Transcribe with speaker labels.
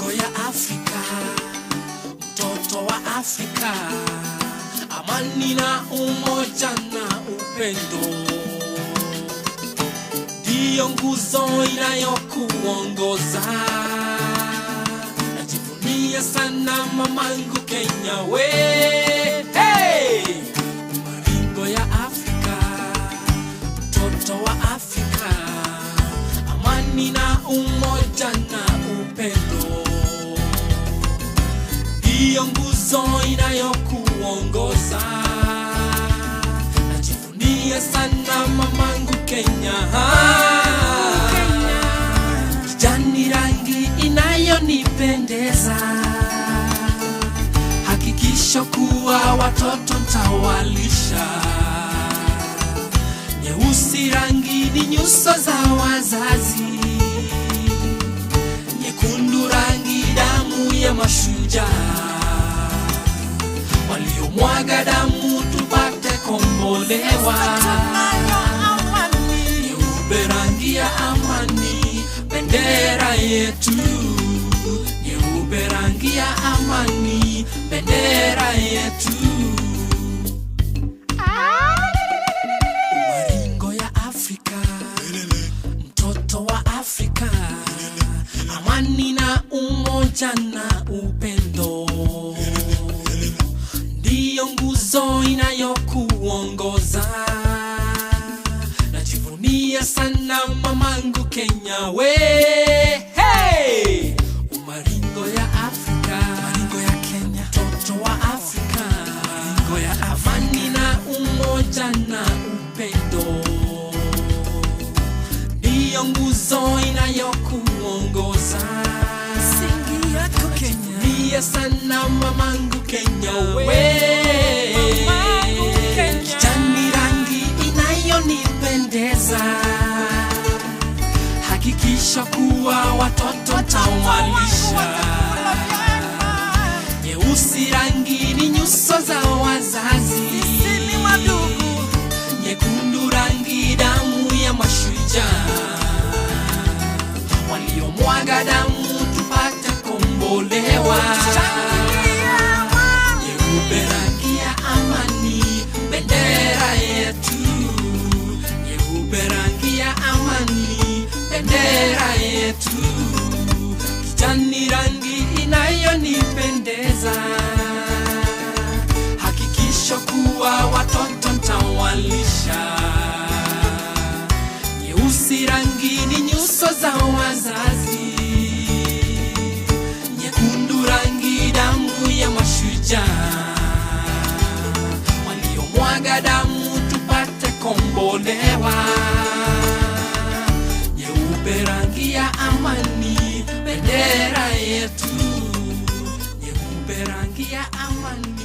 Speaker 1: malengo ya Afrika, mtoto wa Afrika, amani na umoja na upendo ndiyo nguzo inayokuongoza. Najivunia sana mamangu Kenya wee. Kesho kuwa watoto ntawalisha, nyeusi rangi ni nyuso za wazazi, nyekundu rangi damu ya mashujaa waliomwaga damu tupate kombolewa, nyeupe rangi ya amani, bendera yetu nyeupe rangi ya amani upendo ndiyo nguzo inayokuongoza. Najivunia sana mamangu Kenya we sana mamangu Kenya we kijani rangi inayonipendeza, hakikisha kuwa watoto tawalisha. Nyeusi rangi ni nyuso za wazazi, nyekundu rangi damu ya mashujaa waliomwaga kijani, bendera yetu kijani, rangi inayonipendeza. Hakikisho kuwa watoto ntawalisha, nyeusi rangi ni nyuso za wazazi, nyekundu rangi damu ya mashujaa waliomwaga damu tupate kombolewa. yetu nyeupe, rangi ya amani.